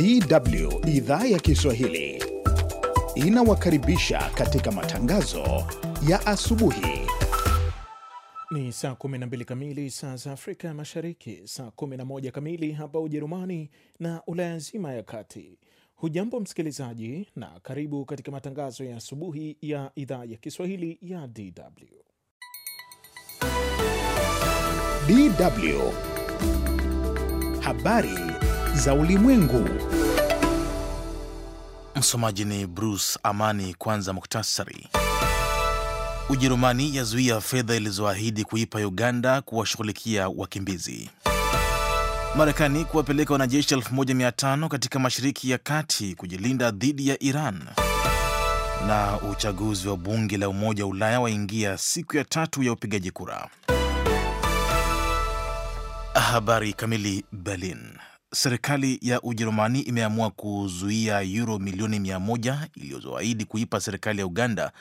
DW idhaa ya Kiswahili inawakaribisha katika matangazo ya asubuhi. Ni saa 12 kamili saa za Afrika Mashariki, saa 11 kamili hapa Ujerumani na Ulaya nzima ya kati. Hujambo msikilizaji, na karibu katika matangazo ya asubuhi ya idhaa ya Kiswahili ya DW. DW habari za ulimwengu. Msomaji ni Bruce Amani. Kwanza muktasari. Ujerumani yazuia fedha ilizoahidi kuipa Uganda kuwashughulikia wakimbizi. Marekani kuwapeleka wanajeshi 1500 katika Mashariki ya Kati kujilinda dhidi ya Iran. Na uchaguzi wa bunge la Umoja wa Ulaya waingia siku ya tatu ya upigaji kura. Habari kamili. Berlin. Serikali ya Ujerumani imeamua kuzuia yuro milioni mia moja kuipa serikali ya Uganda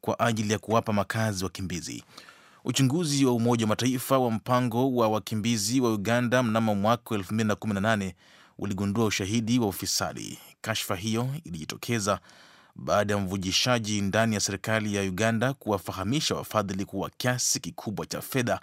kwa ajili ya kuwapa makazi wakimbizi. Uchunguzi wa Umoja wa Mataifa wa mpango wa wakimbizi wa Uganda mnamo mwaka 2018 uligundua ushahidi wa ufisadi. Kashfa hiyo ilijitokeza baada ya mvujishaji ndani ya serikali ya Uganda kuwafahamisha wafadhili kuwa kiasi kikubwa cha fedha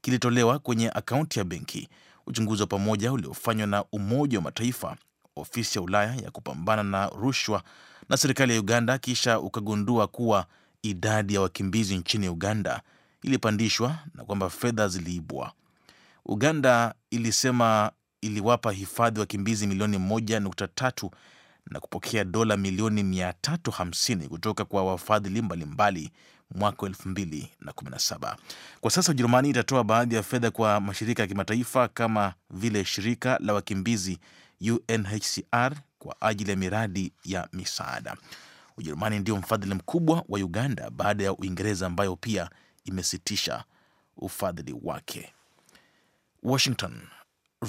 kilitolewa kwenye akaunti ya benki Uchunguzi wa pamoja uliofanywa na Umoja wa Mataifa, ofisi ya Ulaya ya kupambana na rushwa na serikali ya Uganda kisha ukagundua kuwa idadi ya wakimbizi nchini Uganda ilipandishwa na kwamba fedha ziliibwa. Uganda ilisema iliwapa hifadhi wakimbizi milioni moja nukta tatu na kupokea dola milioni 350 kutoka kwa wafadhili mbalimbali mwaka Kwa sasa Ujerumani itatoa baadhi ya fedha kwa mashirika ya kimataifa kama vile shirika la wakimbizi UNHCR kwa ajili ya miradi ya misaada. Ujerumani ndio mfadhili mkubwa wa Uganda baada ya Uingereza ambayo pia imesitisha ufadhili wake. Washington.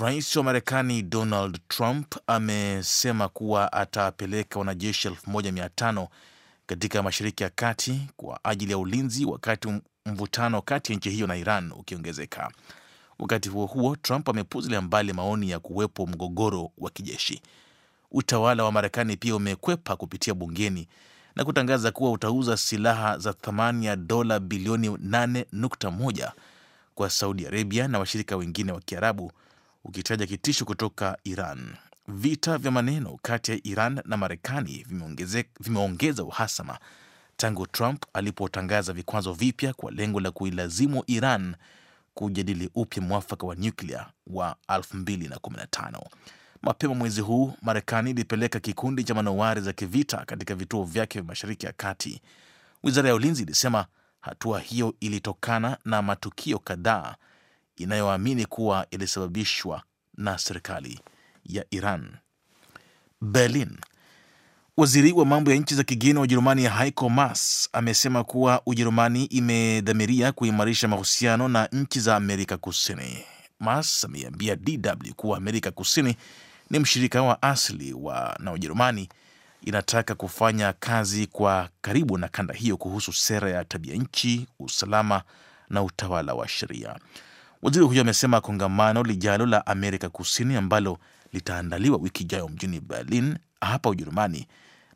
Rais wa Marekani Donald Trump amesema kuwa atapeleka wanajeshi 1500 katika Mashariki ya Kati kwa ajili ya ulinzi, wakati mvutano kati ya nchi hiyo na Iran ukiongezeka. Wakati huo huo, Trump amepuzilia mbali maoni ya kuwepo mgogoro wa kijeshi. Utawala wa Marekani pia umekwepa kupitia bungeni na kutangaza kuwa utauza silaha za thamani ya dola bilioni 8.1 kwa Saudi Arabia na washirika wengine wa Kiarabu, ukitaja kitisho kutoka Iran. Vita vya maneno kati ya Iran na Marekani vimeongeza uhasama tangu Trump alipotangaza vikwazo vipya kwa lengo la kuilazimu Iran kujadili upya mwafaka wa nyuklia wa 2015. Mapema mwezi huu Marekani ilipeleka kikundi cha manowari za kivita katika vituo vyake vya Mashariki ya Kati. Wizara ya ulinzi ilisema hatua hiyo ilitokana na matukio kadhaa inayoamini kuwa ilisababishwa na serikali ya Iran. Berlin. Waziri wa mambo ya nchi za kigeni wa Ujerumani Heiko Maas amesema kuwa Ujerumani imedhamiria kuimarisha mahusiano na nchi za Amerika Kusini. Maas ameiambia DW kuwa Amerika Kusini ni mshirika wa asili wa na Ujerumani inataka kufanya kazi kwa karibu na kanda hiyo kuhusu sera ya tabia nchi, usalama na utawala wa sheria. Waziri huyo amesema kongamano lijalo la Amerika Kusini ambalo litaandaliwa wiki ijayo mjini Berlin hapa Ujerumani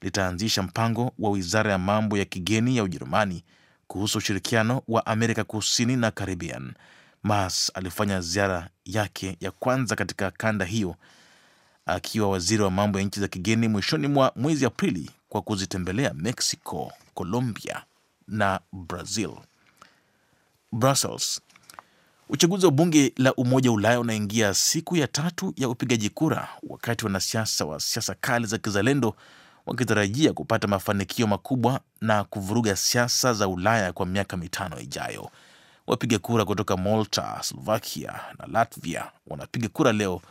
litaanzisha mpango wa wizara ya mambo ya kigeni ya Ujerumani kuhusu ushirikiano wa Amerika Kusini na Caribbean. Mas alifanya ziara yake ya kwanza katika kanda hiyo akiwa waziri wa mambo ya nchi za kigeni mwishoni mwa mwezi Aprili kwa kuzitembelea Mexico, Colombia na Brazil. Brussels Uchaguzi wa bunge la Umoja wa Ulaya unaingia siku ya tatu ya upigaji kura, wakati wanasiasa wa siasa kali za kizalendo wakitarajia kupata mafanikio makubwa na kuvuruga siasa za Ulaya kwa miaka mitano ijayo. Wapiga kura kutoka Malta, Slovakia na Latvia wanapiga kura leo,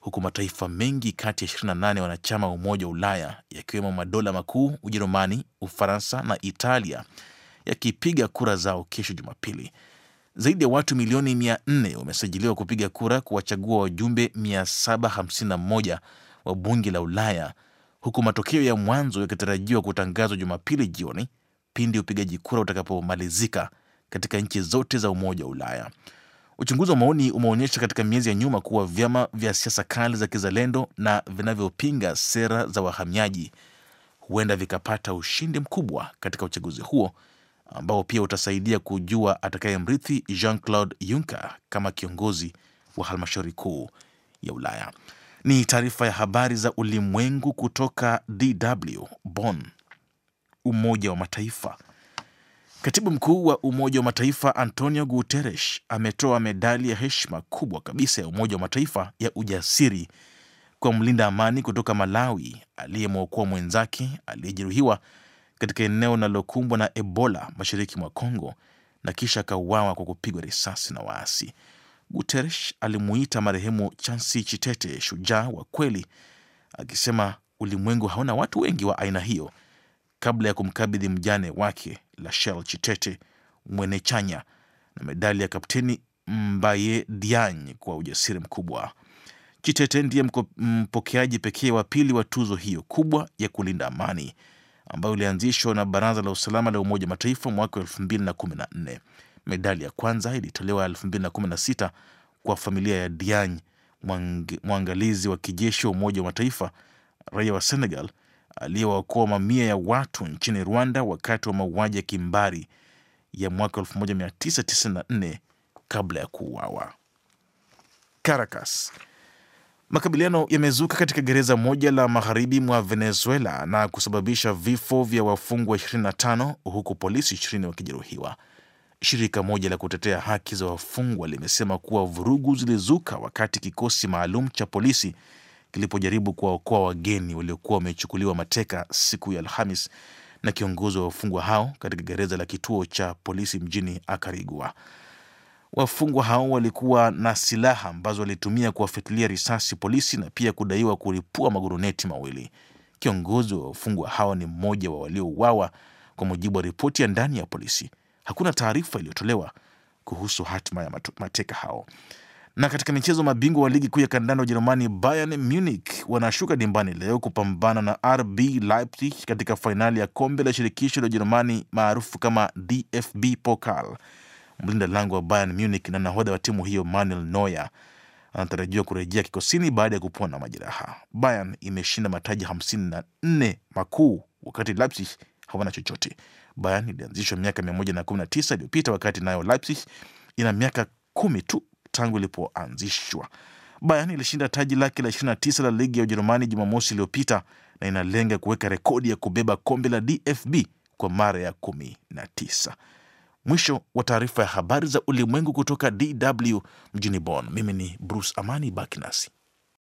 huku mataifa mengi kati ya 28 wanachama wa Umoja wa Ulaya yakiwemo madola makuu Ujerumani, Ufaransa na Italia yakipiga kura zao kesho Jumapili. Zaidi ya watu milioni 400 wamesajiliwa kupiga kura kuwachagua wajumbe 751 wa bunge la Ulaya, huku matokeo ya mwanzo yakitarajiwa kutangazwa Jumapili jioni pindi upigaji kura utakapomalizika katika nchi zote za Umoja wa Ulaya. Uchunguzi wa maoni umeonyesha katika miezi ya nyuma kuwa vyama vya siasa kali za kizalendo na vinavyopinga sera za wahamiaji huenda vikapata ushindi mkubwa katika uchaguzi huo ambao pia utasaidia kujua atakayemrithi Jean-Claude Juncker kama kiongozi wa halmashauri kuu ya Ulaya. Ni taarifa ya habari za ulimwengu kutoka DW Bonn. Umoja wa Mataifa. Katibu mkuu wa Umoja wa Mataifa Antonio Guterres ametoa medali ya heshima kubwa kabisa ya Umoja wa Mataifa ya ujasiri kwa mlinda amani kutoka Malawi aliyemwokoa mwenzake aliyejeruhiwa katika eneo linalokumbwa na Ebola mashariki mwa congo na kisha akauawa kwa kupigwa risasi na waasi. Guterres alimuita marehemu Chansi Chitete shujaa wa kweli, akisema ulimwengu haona watu wengi wa aina hiyo, kabla ya kumkabidhi mjane wake Lashel Chitete Mwenechanya na medali ya Kapteni Mbaye Diagne kwa ujasiri mkubwa. Chitete ndiye mpokeaji pekee wa pili wa tuzo hiyo kubwa ya kulinda amani ambayo ilianzishwa na Baraza la Usalama la Umoja Mataifa mwaka e214 Medali ya kwanza ilitolewa 2016 kwa familia ya Diany, mwangalizi wa kijeshi wa Umoja wa Mataifa, raia wa Senegal aliyewaokoa mamia ya watu nchini Rwanda wakati wa mauaji ya kimbari ya mwaka 1994 kabla ya kuuawa. Caracas Makabiliano yamezuka katika gereza moja la magharibi mwa Venezuela na kusababisha vifo vya wafungwa 25 huku polisi 20 wakijeruhiwa. Shirika moja la kutetea haki za wafungwa limesema kuwa vurugu zilizuka wakati kikosi maalum cha polisi kilipojaribu kuwaokoa wageni waliokuwa wamechukuliwa mateka siku ya Alhamis na kiongozi wa wafungwa hao katika gereza la kituo cha polisi mjini Akarigua. Wafungwa hao walikuwa na silaha ambazo walitumia kuwafyatulia risasi polisi na pia kudaiwa kulipua maguruneti mawili. Kiongozi wa wafungwa hao ni mmoja wa waliouawa, kwa mujibu wa ripoti ya ndani ya polisi. Hakuna taarifa iliyotolewa kuhusu hatima ya mateka hao. Na katika michezo, mabingwa wa ligi kuu ya kandanda wa Ujerumani Bayern Munich wanashuka dimbani leo kupambana na RB Leipzig katika fainali ya kombe la shirikisho la Ujerumani maarufu kama DFB Pokal mlinda lango wa Bayern Munich na nahodha wa timu hiyo Manuel Neuer anatarajiwa kurejea kikosini baada ya kupona majeraha. Bayern imeshinda mataji 54 makuu wakati Leipzig hawana chochote. Bayern ilianzishwa miaka 119 iliyopita wakati nayo Leipzig ina miaka kumi tu tangu ilipoanzishwa. Bayern ilishinda taji lake la 29 la ligi ya Ujerumani Jumamosi iliyopita na inalenga kuweka rekodi ya kubeba kombe la DFB kwa mara ya tisa. Mwisho wa taarifa ya habari za ulimwengu kutoka DW mjini Bonn. Mimi ni Bruce Amani, baki nasi.